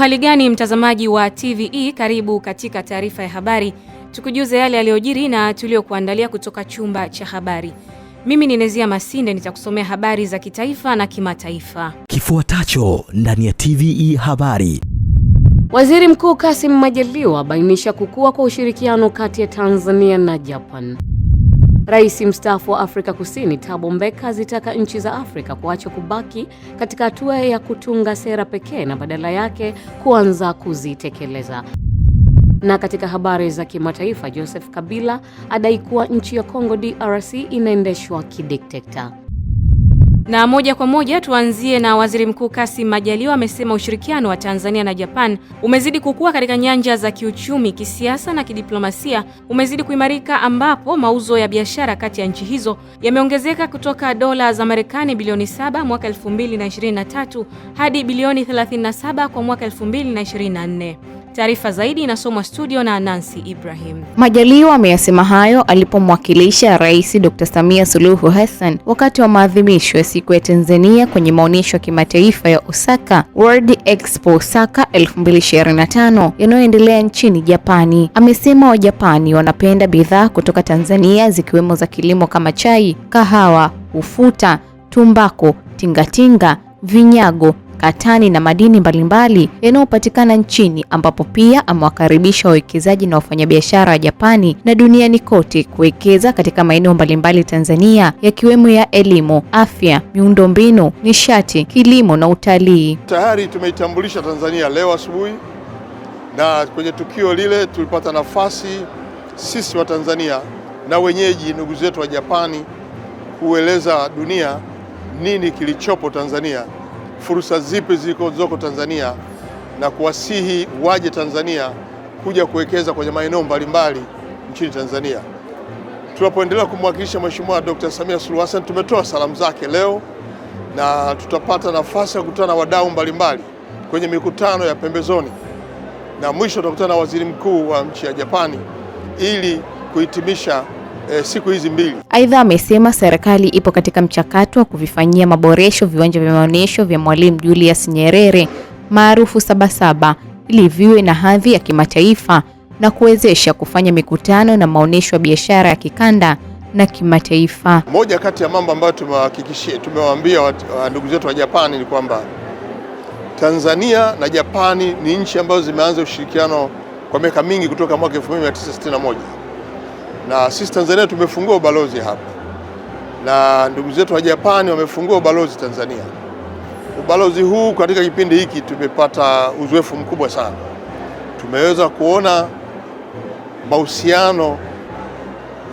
Uhali gani mtazamaji wa TVE, karibu katika taarifa ya habari, tukujuze yale yaliyojiri na tuliyokuandalia kutoka chumba cha habari. Mimi ni Nezia Masinde, nitakusomea habari za kitaifa na kimataifa kifuatacho ndani ya TVE habari. Waziri Mkuu Kassim Majaliwa abainisha kukua kwa ushirikiano kati ya Tanzania na Japan. Rais mstaafu wa Afrika Kusini Thabo Mbeki azitaka nchi za Afrika kuacha kubaki katika hatua ya kutunga sera pekee na badala yake kuanza kuzitekeleza. Na katika habari za kimataifa, Joseph Kabila adai kuwa nchi ya Kongo DRC inaendeshwa kidiktekta na moja kwa moja tuanzie na Waziri Mkuu Kassim Majaliwa amesema ushirikiano wa Tanzania na Japan umezidi kukua katika nyanja za kiuchumi, kisiasa na kidiplomasia umezidi kuimarika, ambapo mauzo ya biashara kati ya nchi hizo yameongezeka kutoka dola za Marekani bilioni 7 mwaka 2023 hadi bilioni 37 kwa mwaka 2024. Taarifa zaidi inasomwa studio na Nancy Ibrahim. Majaliwa ameyasema hayo alipomwakilisha Rais Dr. Samia Suluhu Hassan wakati wa maadhimisho ya siku ya Tanzania kwenye maonyesho ya kimataifa ya Osaka World Expo Osaka 2025 yanayoendelea nchini Japani. Amesema Wajapani wanapenda bidhaa kutoka Tanzania zikiwemo za kilimo kama chai, kahawa, ufuta, tumbako, tingatinga, vinyago katani na madini mbalimbali yanayopatikana nchini, ambapo pia amewakaribisha wawekezaji na wafanyabiashara wa Japani na duniani kote kuwekeza katika maeneo mbalimbali Tanzania yakiwemo ya elimu, afya, miundombinu, nishati, kilimo na utalii. Tayari tumeitambulisha Tanzania leo asubuhi, na kwenye tukio lile tulipata nafasi sisi wa Tanzania na wenyeji ndugu zetu wa Japani kueleza dunia nini kilichopo Tanzania fursa zipi zilizoko Tanzania na kuwasihi waje Tanzania kuja kuwekeza kwenye maeneo mbalimbali nchini Tanzania. Tunapoendelea kumwakilisha Mheshimiwa Dr. Samia Suluhu Hassan, tumetoa salamu zake leo na tutapata nafasi ya kukutana na wadau mbalimbali kwenye mikutano ya pembezoni na mwisho tutakutana na waziri mkuu wa nchi ya Japani ili kuhitimisha e, siku hizi mbili. Aidha, amesema serikali ipo katika mchakato wa kuvifanyia maboresho viwanja vya maonyesho vya Mwalimu Julius Nyerere maarufu Sabasaba ili viwe na hadhi ya kimataifa na kuwezesha kufanya mikutano na maonyesho ya biashara ya kikanda na kimataifa. Moja kati ya mambo ambayo tumewahakikishia, tumewaambia ndugu zetu wa Japani ni kwamba Tanzania na Japani ni nchi ambazo zimeanza ushirikiano kwa miaka mingi kutoka mwaka 1961 na sisi Tanzania tumefungua ubalozi hapa na ndugu zetu wa Japani wamefungua ubalozi Tanzania. Ubalozi huu katika kipindi hiki tumepata uzoefu mkubwa sana, tumeweza kuona mahusiano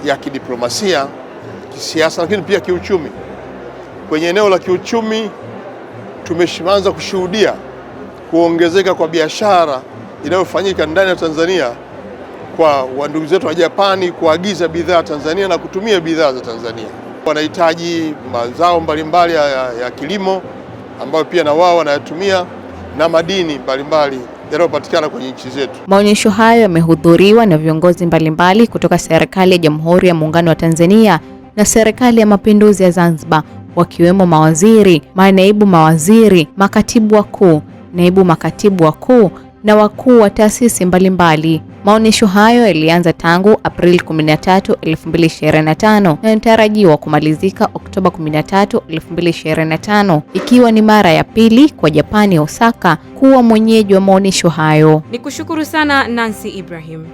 ya kidiplomasia, kisiasa, lakini pia kiuchumi. Kwenye eneo la kiuchumi tumeanza kushuhudia kuongezeka kwa biashara inayofanyika ndani ya Tanzania kwa wandugu zetu wa Japani kuagiza bidhaa Tanzania na kutumia bidhaa za Tanzania. Wanahitaji mazao mbalimbali ya, ya kilimo ambayo pia na wao wanayatumia na madini mbalimbali yanayopatikana kwenye nchi zetu. Maonyesho hayo yamehudhuriwa na viongozi mbalimbali kutoka serikali ya Jamhuri ya Muungano wa Tanzania na serikali ya Mapinduzi ya Zanzibar wakiwemo mawaziri, manaibu mawaziri, makatibu wakuu, naibu makatibu wakuu na wakuu wa taasisi mbalimbali. Maonyesho hayo yalianza tangu Aprili 13, 2025 na yanatarajiwa kumalizika Oktoba 13, 2025 ikiwa ni mara ya pili kwa Japani ya Osaka kuwa mwenyeji wa maonyesho hayo. Nikushukuru sana Nancy Ibrahim.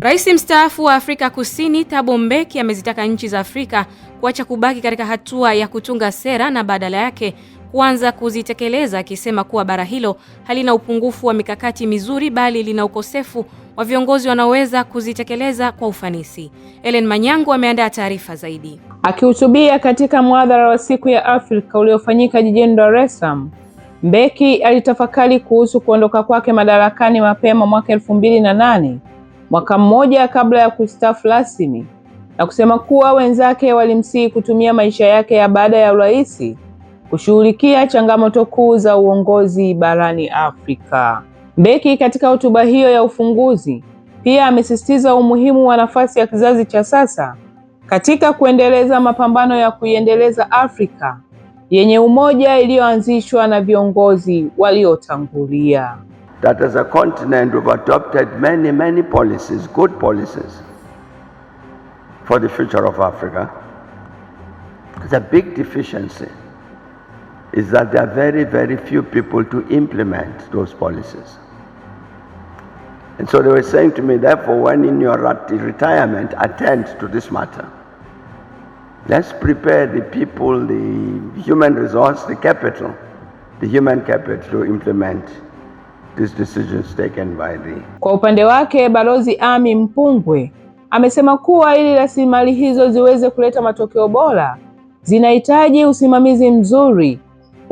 Rais mstaafu wa Afrika Kusini Thabo Mbeki amezitaka nchi za Afrika kuacha kubaki katika hatua ya kutunga sera na badala yake kuanza kuzitekeleza, akisema kuwa bara hilo halina upungufu wa mikakati mizuri bali lina ukosefu wa viongozi wanaoweza kuzitekeleza kwa ufanisi. Ellen manyangu ameandaa taarifa zaidi. Akihutubia katika mhadhara wa siku ya Afrika uliofanyika jijini Dar es Salaam, Mbeki alitafakari kuhusu kuondoka kwake madarakani mapema mwaka elfu mbili na nane, mwaka mmoja kabla ya kustaafu rasmi, na kusema kuwa wenzake walimsihi kutumia maisha yake ya baada ya urais kushughulikia changamoto kuu za uongozi barani Afrika. Mbeki katika hotuba hiyo ya ufunguzi pia amesisitiza umuhimu wa nafasi ya kizazi cha sasa katika kuendeleza mapambano ya kuiendeleza Afrika yenye umoja iliyoanzishwa na viongozi waliotangulia. That as a continent we've adopted many many policies, good policies for the future of Africa. The big deficiency is that there are very, very few people to implement those policies. And so they were saying to me, therefore, when in your retirement, attend to this matter. Let's prepare the people, the human resource, the capital, the human capital to implement these decisions taken by the. Kwa upande wake Balozi Ami Mpungwe amesema kuwa ili rasilimali hizo ziweze kuleta matokeo bora zinahitaji usimamizi mzuri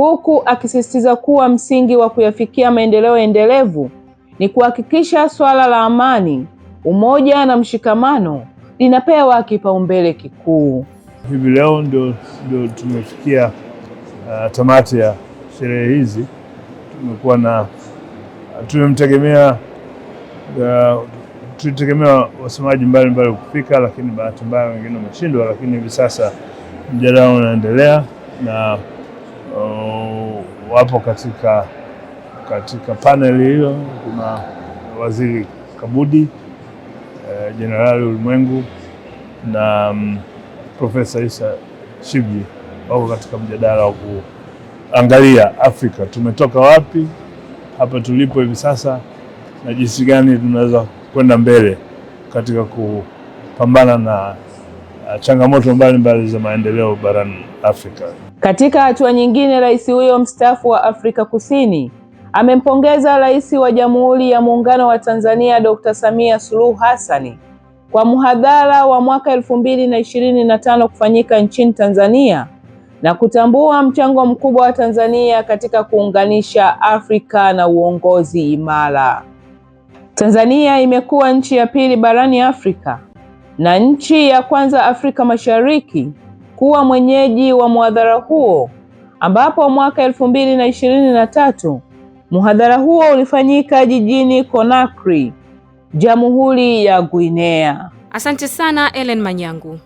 huku akisisitiza kuwa msingi wa kuyafikia maendeleo endelevu ni kuhakikisha suala la amani, umoja na mshikamano linapewa kipaumbele kikuu. Hivi leo ndio ndio tumefikia uh, tamati ya sherehe hizi. Tumekuwa na tumemtegemea uh, tulitegemea wasemaji mbalimbali kufika, lakini bahati mbaya wengine wameshindwa, lakini hivi sasa mjadala unaendelea na wapo katika, katika panel hiyo. Kuna Waziri Kabudi, eh, Jenerali uh, Ulimwengu na um, Profesa Isa Shivji wako katika mjadala wa kuangalia Afrika tumetoka wapi, hapa tulipo hivi sasa, na jinsi gani tunaweza kwenda mbele katika kupambana na eh, changamoto mbalimbali mbali za maendeleo barani Afrika. Katika hatua nyingine, rais huyo mstaafu wa Afrika Kusini amempongeza rais wa Jamhuri ya Muungano wa Tanzania Dr. Samia Suluhu Hassan kwa mhadhara wa mwaka elfu mbili na ishirini na tano kufanyika nchini Tanzania na kutambua mchango mkubwa wa Tanzania katika kuunganisha Afrika na uongozi imara. Tanzania imekuwa nchi ya pili barani Afrika na nchi ya kwanza Afrika Mashariki kuwa mwenyeji wa mhadhara huo ambapo mwaka elfu mbili na ishirini na tatu mhadhara huo ulifanyika jijini Conakry, Jamhuri ya Guinea. Asante sana Ellen Manyangu.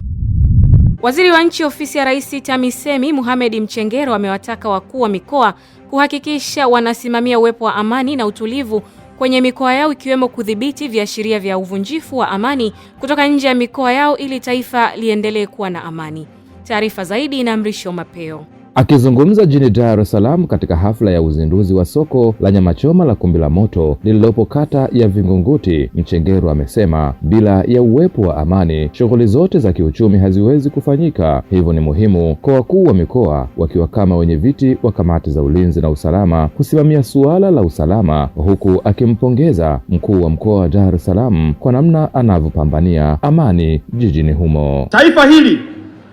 Waziri wa Nchi, Ofisi ya Rais TAMISEMI, muhamedi Mchengero amewataka wakuu wa mikoa kuhakikisha wanasimamia uwepo wa amani na utulivu kwenye mikoa yao ikiwemo kudhibiti viashiria vya uvunjifu wa amani kutoka nje ya mikoa yao ili taifa liendelee kuwa na amani. Taarifa zaidi na Mrisho Mapeo. Akizungumza jijini Dar es Salaam katika hafla ya uzinduzi wa soko la nyamachoma la kumbi la Moto lililopo kata ya Vingunguti, Mchengero amesema bila ya uwepo wa amani shughuli zote za kiuchumi haziwezi kufanyika, hivyo ni muhimu kwa wakuu wa mikoa wakiwa kama wenye viti wa kamati za ulinzi na usalama kusimamia suala la usalama, huku akimpongeza mkuu wa mkoa wa Dar es Salaam kwa namna anavyopambania amani jijini humo. Taifa hili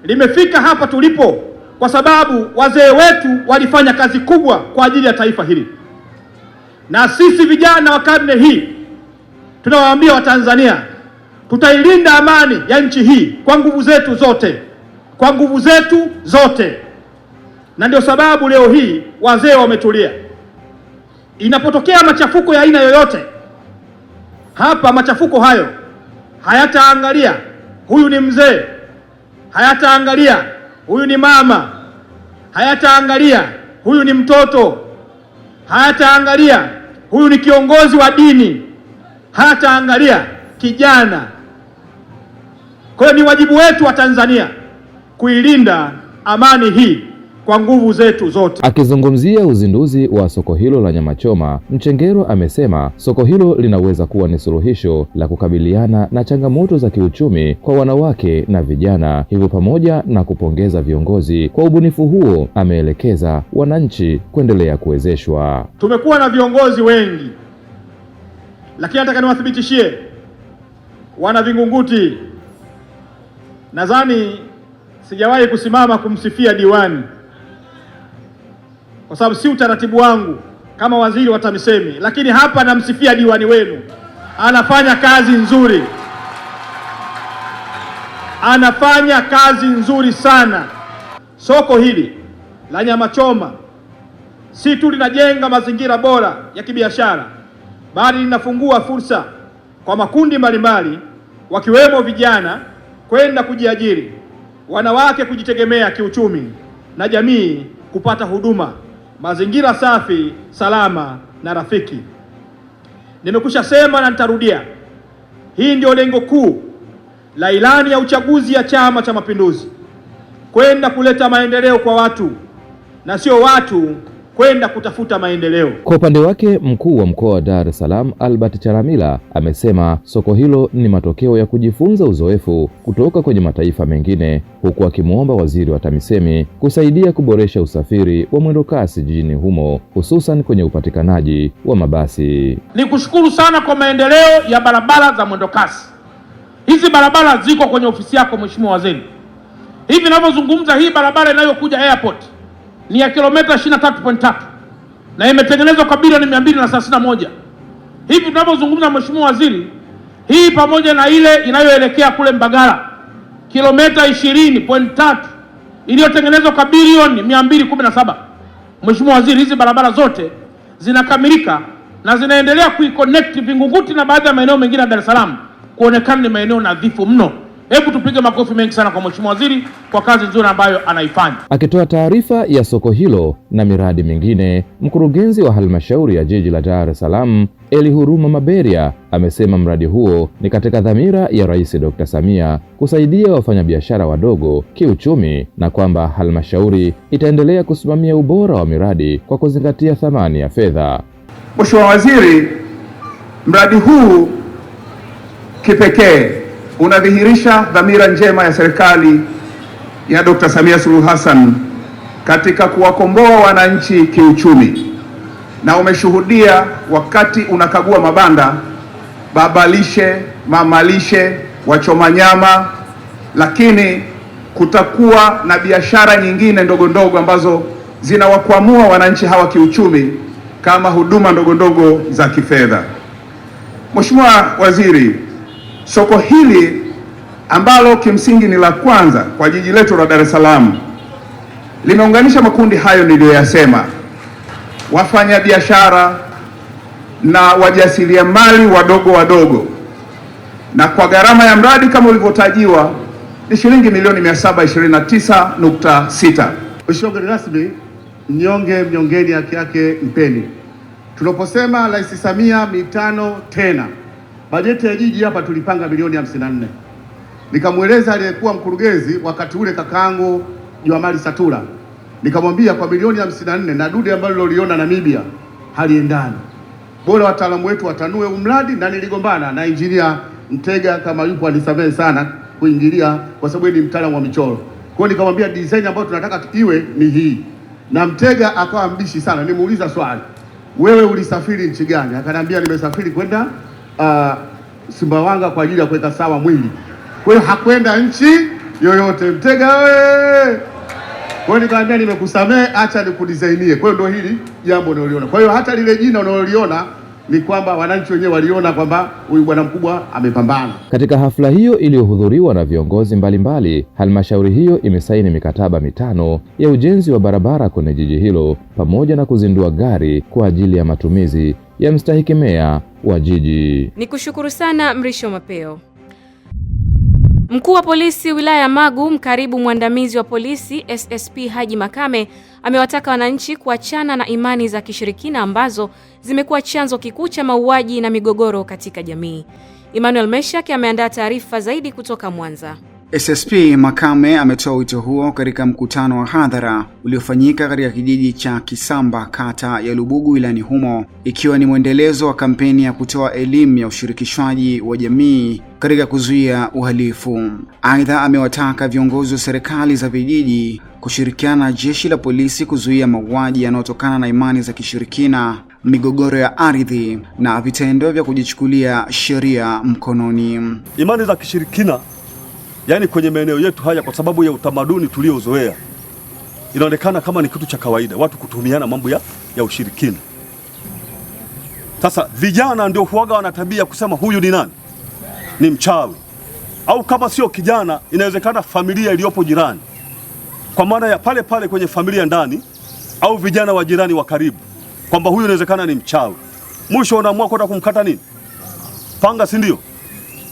limefika hapa tulipo kwa sababu wazee wetu walifanya kazi kubwa kwa ajili ya taifa hili, na sisi vijana wa karne hii tunawaambia Watanzania tutailinda amani ya nchi hii kwa nguvu zetu zote, kwa nguvu zetu zote. Na ndio sababu leo hii wazee wametulia. Inapotokea machafuko ya aina yoyote hapa, machafuko hayo hayataangalia huyu ni mzee hayataangalia huyu ni mama, hayataangalia huyu ni mtoto, hayataangalia huyu ni kiongozi wa dini, hayataangalia kijana. Kwa hiyo ni wajibu wetu wa Tanzania kuilinda amani hii kwa nguvu zetu zote. Akizungumzia uzinduzi wa soko hilo la nyama choma, Mchengero amesema soko hilo linaweza kuwa ni suluhisho la kukabiliana na changamoto za kiuchumi kwa wanawake na vijana, hivyo pamoja na kupongeza viongozi kwa ubunifu huo, ameelekeza wananchi kuendelea kuwezeshwa. Tumekuwa na viongozi wengi, lakini nataka niwathibitishie wana Vingunguti, nadhani sijawahi kusimama kumsifia diwani kwa sababu si utaratibu wangu kama waziri wa TAMISEMI, lakini hapa namsifia diwani wenu, anafanya kazi nzuri, anafanya kazi nzuri sana. Soko hili la nyama choma si tu linajenga mazingira bora ya kibiashara, bali linafungua fursa kwa makundi mbalimbali, wakiwemo vijana kwenda kujiajiri, wanawake kujitegemea kiuchumi, na jamii kupata huduma mazingira safi, salama na rafiki. Nimekusha sema na nitarudia, hii ndio lengo kuu la ilani ya uchaguzi ya Chama cha Mapinduzi, kwenda kuleta maendeleo kwa watu na sio watu kwenda kutafuta maendeleo. Kwa upande wake, mkuu wa mkoa wa Dar es Salaam Albert Chalamila amesema soko hilo ni matokeo ya kujifunza uzoefu kutoka kwenye mataifa mengine, huku akimwomba waziri wa TAMISEMI kusaidia kuboresha usafiri wa mwendokasi jijini humo, hususan kwenye upatikanaji wa mabasi. Ni kushukuru sana kwa maendeleo ya barabara za mwendokasi. Hizi barabara ziko kwenye ofisi yako Mheshimiwa Waziri. Hivi ninavyozungumza, hii barabara inayokuja airport ni ya kilomita 23.3 na imetengenezwa kwa bilioni 231. Hivi tunavyozungumza, Mheshimiwa Waziri, hii pamoja na ile inayoelekea kule Mbagala kilomita 20.3 iliyotengenezwa kwa bilioni 217. Mheshimiwa Waziri, hizi barabara zote zinakamilika na zinaendelea kuikonekti Vingunguti na baadhi ya maeneo mengine ya Dar es Salaam kuonekana ni maeneo nadhifu mno. Hebu tupige makofi mengi sana kwa mheshimiwa waziri kwa kazi nzuri ambayo anaifanya. Akitoa taarifa ya soko hilo na miradi mingine, mkurugenzi wa halmashauri ya jiji la Dar es Salaam Elihuruma Maberia amesema mradi huo ni katika dhamira ya Rais Dr. Samia kusaidia wafanyabiashara wadogo kiuchumi na kwamba halmashauri itaendelea kusimamia ubora wa miradi kwa kuzingatia thamani ya fedha. Mheshimiwa Waziri, mradi huu kipekee unadhihirisha dhamira njema ya serikali ya Dr. Samia Suluhu Hassan katika kuwakomboa wananchi kiuchumi, na umeshuhudia wakati unakagua mabanda, baba lishe, mama lishe, wachoma nyama, lakini kutakuwa na biashara nyingine ndogo ndogo ambazo zinawakwamua wananchi hawa kiuchumi kama huduma ndogo ndogo za kifedha. Mheshimiwa Waziri, Soko hili ambalo kimsingi ni la kwanza kwa jiji letu la Dar es Salaam limeunganisha makundi hayo niliyoyasema: wafanyabiashara na wajasiriamali wadogo wadogo, na kwa gharama ya mradi kama ulivyotajiwa ni shilingi milioni 729.6. Ushauri rasmi, mnyonge mnyongeni haki yake mpeni. Tunaposema Rais Samia mitano tena Bajeti ya jiji hapa tulipanga milioni hamsini na nne. Nikamweleza aliyekuwa mkurugenzi wakati ule kakaangu Juamali Satura, nikamwambia kwa milioni hamsini na nne na dude ambalo liliona Namibia haliendani, bora wataalamu wetu watanue umradi, na niligombana na injinia Mtega, kama yupo anisamehe sana kuingilia, kwa sababu ni mtaalamu wa michoro. Kwa hiyo nikamwambia design ambayo tunataka iwe ni hii, na Mtega akawa mbishi sana. Nimuuliza swali, wewe ulisafiri nchi gani? Akaniambia nimesafiri kwenda uh, Sumbawanga kwa ajili ya kuweka sawa mwili. Kwa hiyo hakwenda nchi yoyote Mtega we. Ee! Kwa hiyo nikamwambia nimekusamee, acha nikudesignie. Kwa hiyo ndio hili jambo unaloliona. Kwa hiyo hata lile jina unaloliona ni kwamba wananchi wenyewe waliona kwamba huyu bwana mkubwa amepambana. Katika hafla hiyo iliyohudhuriwa na viongozi mbalimbali, halmashauri hiyo imesaini mikataba mitano ya ujenzi wa barabara kwenye jiji hilo pamoja na kuzindua gari kwa ajili ya matumizi yamstahiki meya wa jiji. Ni kushukuru sana Mrisho Mapeo. Mkuu wa polisi wilaya ya Magu, mkaribu mwandamizi wa polisi SSP Haji Makame amewataka wananchi kuachana na imani za kishirikina ambazo zimekuwa chanzo kikuu cha mauaji na migogoro katika jamii. Emmanuel Meshak ameandaa taarifa zaidi kutoka Mwanza. SSP Makame ametoa wito huo katika mkutano wa hadhara uliofanyika katika kijiji cha Kisamba kata ya Lubugu wilayani humo, ikiwa ni mwendelezo wa kampeni ya kutoa elimu ya ushirikishwaji wa jamii katika kuzuia uhalifu. Aidha, amewataka viongozi wa serikali za vijiji kushirikiana na jeshi la polisi kuzuia mauaji yanayotokana na imani za kishirikina, migogoro ya ardhi na vitendo vya kujichukulia sheria mkononi. Imani za kishirikina yaani kwenye maeneo yetu haya, kwa sababu ya utamaduni tuliozoea, inaonekana kama ni kitu cha kawaida watu kutumiana mambo ya, ya ushirikina. Sasa vijana ndio huaga wana tabia kusema huyu ni nani, ni mchawi, au kama sio kijana, inawezekana familia iliyopo jirani, kwa maana ya pale pale kwenye familia ndani, au vijana wa jirani wa karibu, kwamba huyu inawezekana ni mchawi. Mwisho unaamua kwenda kumkata nini, panga, si ndio?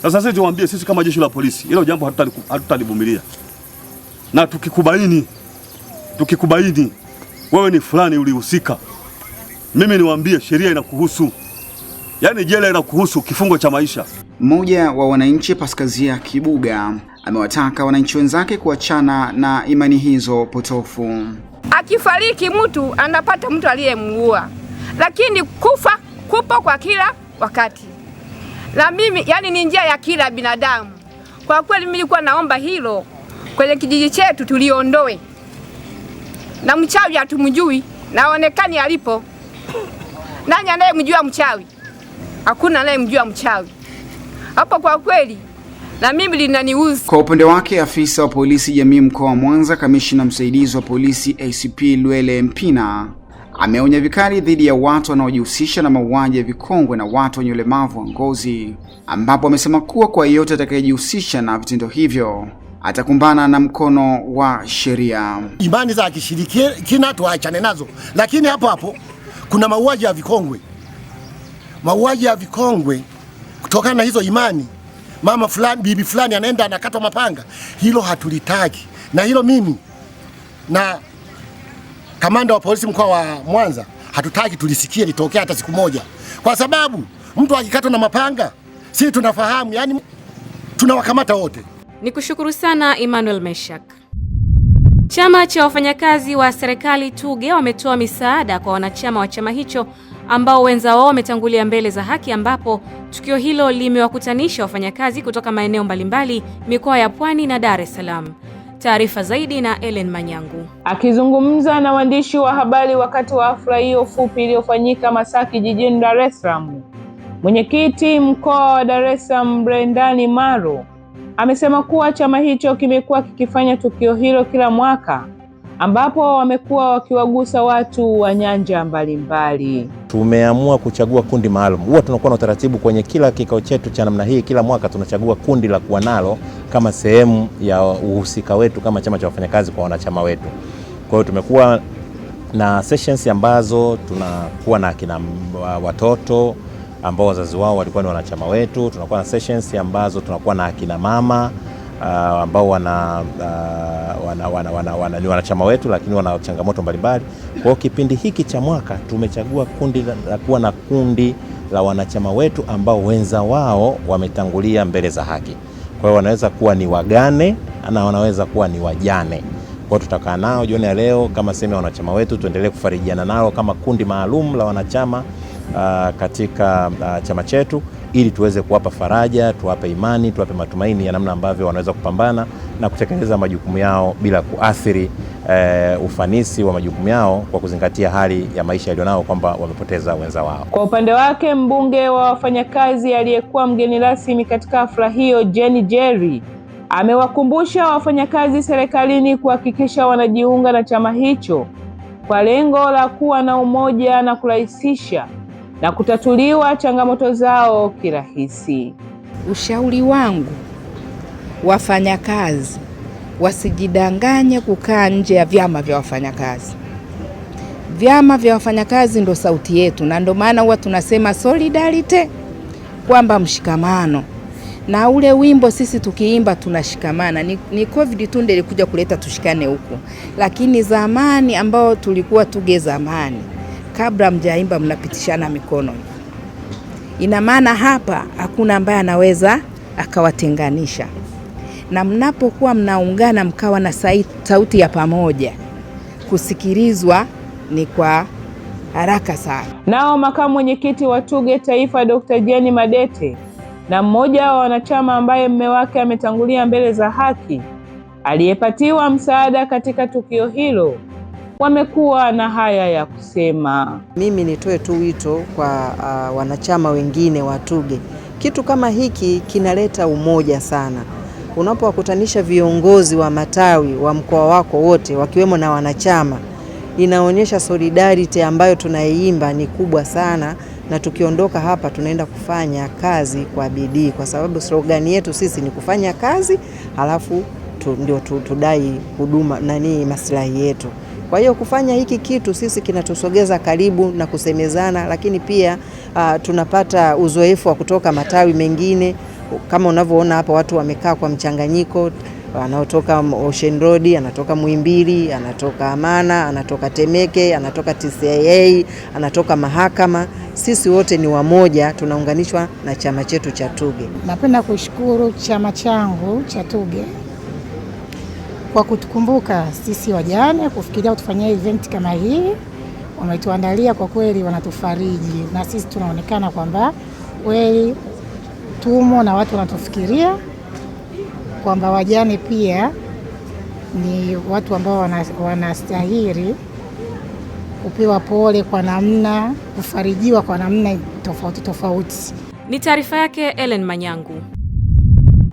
Sasa sisi tuwaambie, sisi kama jeshi la polisi hilo jambo hatutalivumilia, na tukikubaini tukikubaini wewe ni fulani ulihusika, mimi niwaambie, sheria inakuhusu, yaani jela inakuhusu, kifungo cha maisha. Mmoja wa wananchi Paskazia Kibuga amewataka wananchi wenzake kuachana na imani hizo potofu. Akifariki mtu anapata mtu aliyemuua, lakini kufa kupo kwa kila wakati na mimi, yani ni njia ya kila binadamu. Kwa kweli mimi nilikuwa naomba hilo kwenye kijiji chetu tuliondoe, na mchawi hatumjui naonekani alipo. Nani anayemjua mchawi? Hakuna anayemjua mchawi hapo, kwa kweli na mimi linaniuzi. Kwa upande wake, afisa wa polisi jamii mkoa wa Mwanza, kamishina msaidizi wa polisi ACP Lwele Mpina ameonya vikali dhidi ya watu wanaojihusisha na mauaji ya vikongwe na watu wenye ulemavu wa ngozi, ambapo amesema kuwa kwa yeyote atakayejihusisha na vitendo hivyo atakumbana na mkono wa sheria. Imani za kishirikina tuachane nazo, lakini hapo hapo kuna mauaji ya vikongwe. Mauaji ya vikongwe kutokana na hizo imani, mama fulani, bibi fulani anaenda anakatwa mapanga, hilo hatulitaki, na hilo mimi na kamanda wa polisi mkoa wa Mwanza hatutaki tulisikie litokea hata siku moja, kwa sababu mtu akikatwa na mapanga sisi tunafahamu, yani tunawakamata wote. Nikushukuru sana Emmanuel Meshak. Chama cha wafanyakazi wa serikali tuge wametoa misaada kwa wanachama wa chama hicho ambao wenza wao wametangulia mbele za haki, ambapo tukio hilo limewakutanisha wafanyakazi kutoka maeneo mbalimbali mikoa ya Pwani na Dar es Salaam. Taarifa zaidi na Ellen Manyangu. Akizungumza na waandishi wa habari wakati wa hafla hiyo fupi iliyofanyika Masaki jijini Dar es Salaam, mwenyekiti mkoa wa Dar es Salaam Brendani Maro amesema kuwa chama hicho kimekuwa kikifanya tukio hilo kila mwaka ambapo wamekuwa wakiwagusa watu wa nyanja mbalimbali. Tumeamua kuchagua kundi maalum. Huwa tunakuwa na utaratibu kwenye kila kikao chetu cha namna hii, kila mwaka tunachagua kundi la kuwa nalo kama sehemu ya uhusika wetu kama chama cha wafanyakazi kwa wanachama wetu. Kwa hiyo tumekuwa na sessions ambazo tunakuwa na akina watoto ambao wazazi wao walikuwa ni wanachama wetu, tunakuwa na sessions ambazo tunakuwa na akina mama Uh, ambao uh, wana ni wanachama wetu, lakini wana changamoto mbalimbali. Kwa hiyo kipindi hiki cha mwaka tumechagua kundi la kuwa na kundi la wanachama wetu ambao wenza wao wametangulia mbele za haki. Kwa hiyo wanaweza kuwa ni wagane na wanaweza kuwa ni wajane. Kwa hiyo tutakaa nao jioni ya leo kama sehemu ya wanachama wetu, tuendelee kufarijiana nao kama kundi maalum la wanachama uh, katika uh, chama chetu ili tuweze kuwapa faraja, tuwape imani, tuwape matumaini ya namna ambavyo wanaweza kupambana na kutekeleza majukumu yao bila kuathiri e, ufanisi wa majukumu yao kwa kuzingatia hali ya maisha yalionao kwamba wamepoteza wenza wao. Kwa upande wake, mbunge wa wafanyakazi aliyekuwa mgeni rasmi katika hafla hiyo, Jeni Jerry amewakumbusha wafanyakazi serikalini kuhakikisha wanajiunga na chama hicho kwa lengo la kuwa na umoja na kurahisisha na kutatuliwa changamoto zao kirahisi. Ushauri wangu, wafanyakazi wasijidanganye kukaa nje ya vyama vya wafanyakazi. Vyama vya wafanyakazi ndo sauti yetu, na ndo maana huwa tunasema solidarity, kwamba mshikamano na ule wimbo sisi tukiimba tunashikamana. Ni, ni COVID tu ndio ilikuja kuleta tushikane huku, lakini zamani ambao tulikuwa tuge zamani kabla mjaimba mnapitishana mikono. Ina maana hapa hakuna ambaye anaweza akawatenganisha, na mnapokuwa mnaungana mkawa na sauti ya pamoja, kusikilizwa ni kwa haraka sana. Nao makamu mwenyekiti wa TUGHE Taifa Dr. Jeni Madete na mmoja wa wanachama ambaye mme wake ametangulia mbele za haki aliyepatiwa msaada katika tukio hilo wamekuwa na haya ya kusema. Mimi nitoe tu wito kwa uh, wanachama wengine wa TUGHE, kitu kama hiki kinaleta umoja sana unapowakutanisha viongozi wa matawi wa mkoa wako wote wakiwemo na wanachama, inaonyesha solidarity ambayo tunaiimba ni kubwa sana, na tukiondoka hapa tunaenda kufanya kazi kwa bidii, kwa sababu slogan yetu sisi ni kufanya kazi halafu tu, ndio tudai huduma nani maslahi yetu. Kwa hiyo kufanya hiki kitu sisi kinatusogeza karibu na kusemezana, lakini pia uh, tunapata uzoefu wa kutoka matawi mengine kama unavyoona hapa watu wamekaa kwa mchanganyiko, wanaotoka Ocean Road, anatoka Muhimbili, anatoka Amana, anatoka Temeke, anatoka TCIA, anatoka mahakama. Sisi wote ni wamoja, tunaunganishwa na chama chetu cha TUGHE. Napenda kushukuru chama changu cha TUGHE kwa kutukumbuka sisi wajane, kufikiria kutufanyia event kama hii. Wametuandalia kwa kweli, wanatufariji na sisi tunaonekana kwamba kweli tumo na watu wanatufikiria kwamba wajane pia ni watu ambao wanastahili kupewa pole kwa namna, kufarijiwa kwa namna tofauti tofauti. Ni taarifa yake Ellen Manyangu.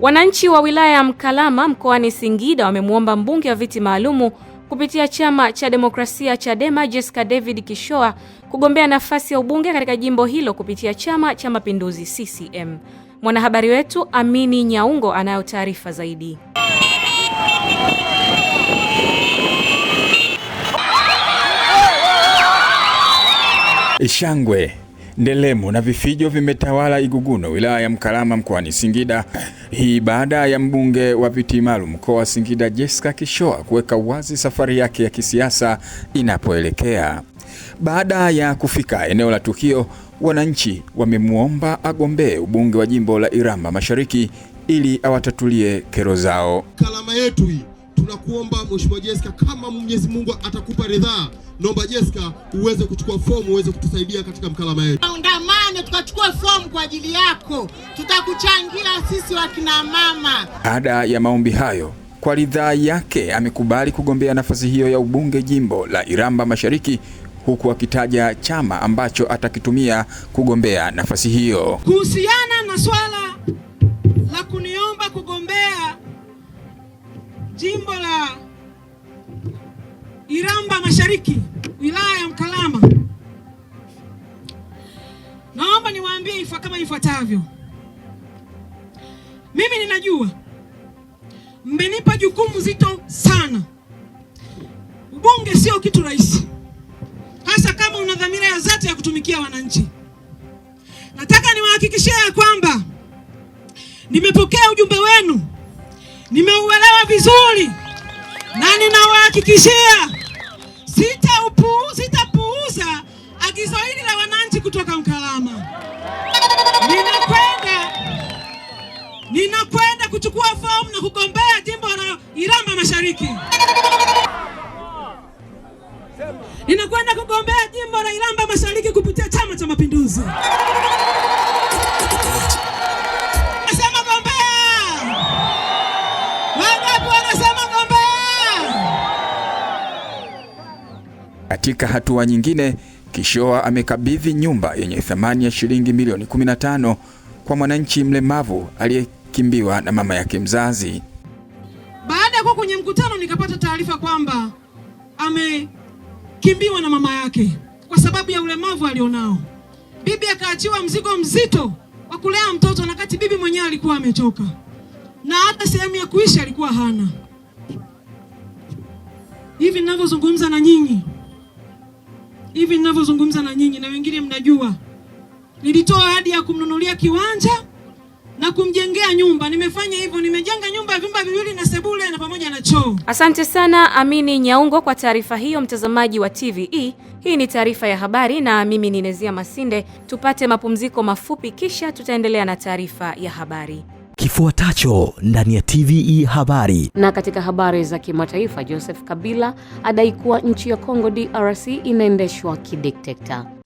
Wananchi wa wilaya ya Mkalama mkoani Singida wamemwomba mbunge wa viti maalumu kupitia chama cha demokrasia Chadema Jessica David Kishoa kugombea nafasi ya ubunge katika jimbo hilo kupitia chama cha mapinduzi CCM. Mwanahabari wetu Amini Nyaungo anayo taarifa zaidi. Shangwe ndelemo na vifijo vimetawala Iguguno, wilaya ya Mkalama mkoani Singida. Hii baada ya mbunge wa viti maalum mkoa wa Singida Jessica Kishoa kuweka wazi safari yake ya kisiasa inapoelekea. Baada ya kufika eneo la tukio, wananchi wamemwomba agombee ubunge wa jimbo la Iramba Mashariki ili awatatulie kero zao. Kalama yetu hii tunakuomba Mheshimiwa Jessica, kama Mwenyezi Mungu atakupa ridhaa, naomba Jessica uweze kuchukua fomu uweze kutusaidia katika mkalama yetu. Maandamano tukachukua fomu kwa ajili yako, tutakuchangia sisi wakina mama. Baada ya maombi hayo, kwa ridhaa yake amekubali kugombea nafasi hiyo ya ubunge jimbo la Iramba Mashariki huku akitaja chama ambacho atakitumia kugombea nafasi hiyo. Kuhusiana na swala la kuniomba jimbo la Iramba Mashariki, wilaya ya Mkalama, naomba niwaambie ifa kama ifuatavyo. Mimi ninajua mmenipa jukumu zito sana. Ubunge sio kitu rahisi, hasa kama una dhamira ya dhati ya kutumikia wananchi. Nataka niwahakikishie ya kwamba nimepokea ujumbe wenu nimeuelewa vizuri na ninawahakikishia sitapuuza sita agizo hili la wananchi kutoka Mkalama. Ninakwenda ninakwenda kuchukua fomu na kugombea jimbo la Iramba Mashariki. Ninakwenda kugombea jimbo la Iramba Mashariki kupitia Chama cha Mapinduzi. Katika hatua nyingine, Kishoa amekabidhi nyumba yenye thamani ya shilingi milioni 15 kwa mwananchi mlemavu aliyekimbiwa na mama yake mzazi. Baada ya kuwa kwenye mkutano, nikapata taarifa kwamba amekimbiwa na mama yake kwa sababu ya ulemavu alionao. Bibi akaachiwa mzigo mzito wa kulea mtoto, na kati bibi mwenyewe alikuwa amechoka na hata sehemu ya kuishi alikuwa hana. Hivi ninavyozungumza na nyinyi hivi ninavyozungumza na nyinyi, na wengine mnajua, nilitoa ahadi ya kumnunulia kiwanja na kumjengea nyumba. Nimefanya hivyo, nimejenga nyumba ya vyumba viwili na sebule na pamoja na choo. Asante sana Amini Nyaungo kwa taarifa hiyo. Mtazamaji wa TVE, hii ni taarifa ya habari na mimi ni Nezia Masinde. Tupate mapumziko mafupi, kisha tutaendelea na taarifa ya habari. Kifuatacho ndani ya TVE habari. Na katika habari za kimataifa, Joseph Kabila adai kuwa nchi ya Kongo DRC inaendeshwa kidikteta.